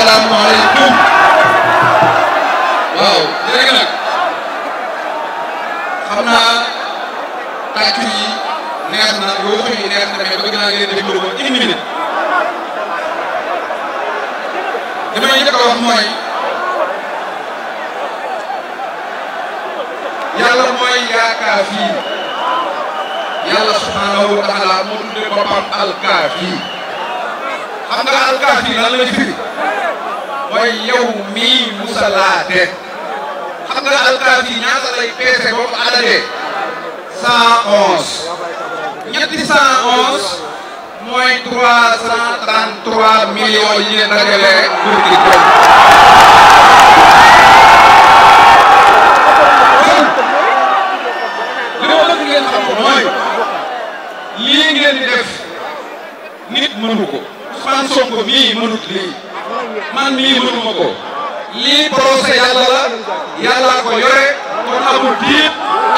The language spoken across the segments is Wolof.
asalaamaaleykum waaw léegi nag xam naa tàccu yi neex na yooxu yi neex na mais bëgg naa ngeen déglu ko une minute li may njëkk a wax mooy yàlla mooy yaakaafi yàlla subhaanahu wa taala moo tuddee boppam alkaafi xam nga alkaafi lan la ci firi mooy yow mii musalaate xam nga alkaati yi ñaata lay peese ba mu adadee cent onze ñetti cent onze mooy trois cent trente trois millions yi ne dajalee pour di kon li ma bëgg ngeen xam ko lii ngeen def nit mënu ko Ousmane Sonko mii mënut lii man lii mënuma ko lii procès yàlla la ko yore kon amul tiit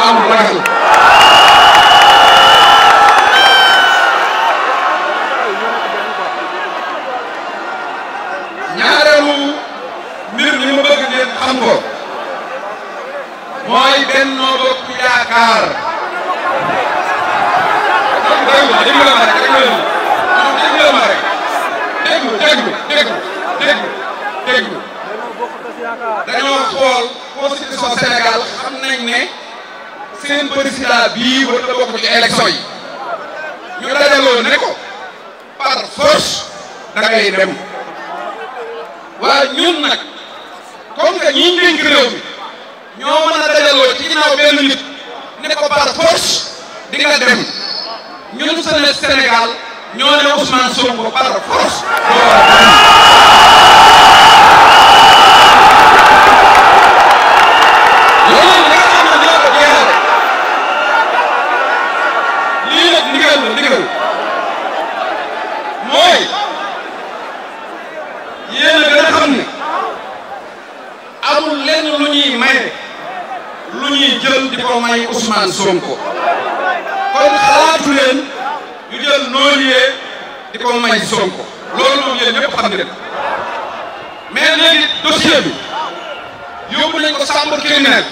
amul ragal ñaareelu mbir mi ma bëgg ngeen xam ko mooy Benno Bokk Yaakaar. ne seen président bii war na bokk ne ko par force da ngay dem waa ñun nag comme que ñi dénk réew mi ñoo mën a dajaloo ci ginnaaw benn nit ne ko par force di nga dem ñun seen Sénégal ñoo ne Ousmane Sonko par force. lu ñuy maye lu ñuy jël di ko may Ousmane Sonko kon xalaatu leen ñu jël noonuee di ko may Sonko loolu moom yéen ñëpp xam ngeen mais léegi dossier bi yóbbu nañ ko chambre criminelle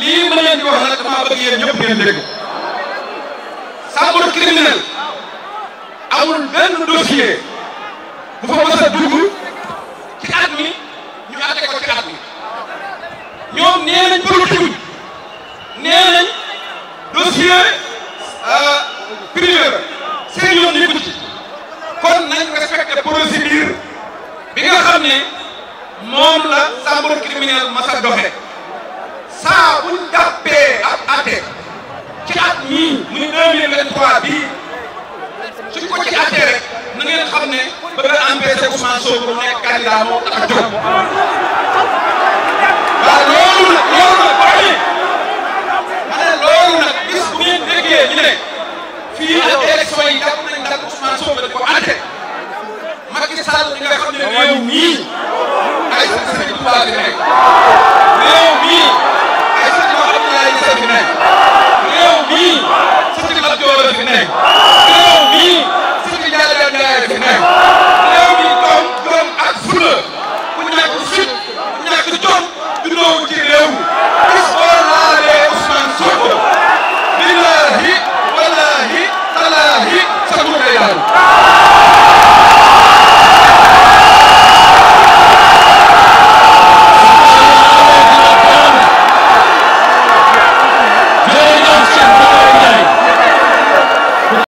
lii ma leen di wax nag damaa bëgg yéen ñëpp ngeen dégg chambre criminelle benn dossier monsieur euh, prieur seen yoon nekku ci kon nañ respecté procédure bi nga xam ne moom la chambre criminelle masa doxe saa buñ jàppee ab atte ci at mii muy 2023 bii suñ ko ci atte rek na xam ne bëgg a empêcher Ousmane Sonko mu nekk candidat moo tax a jóg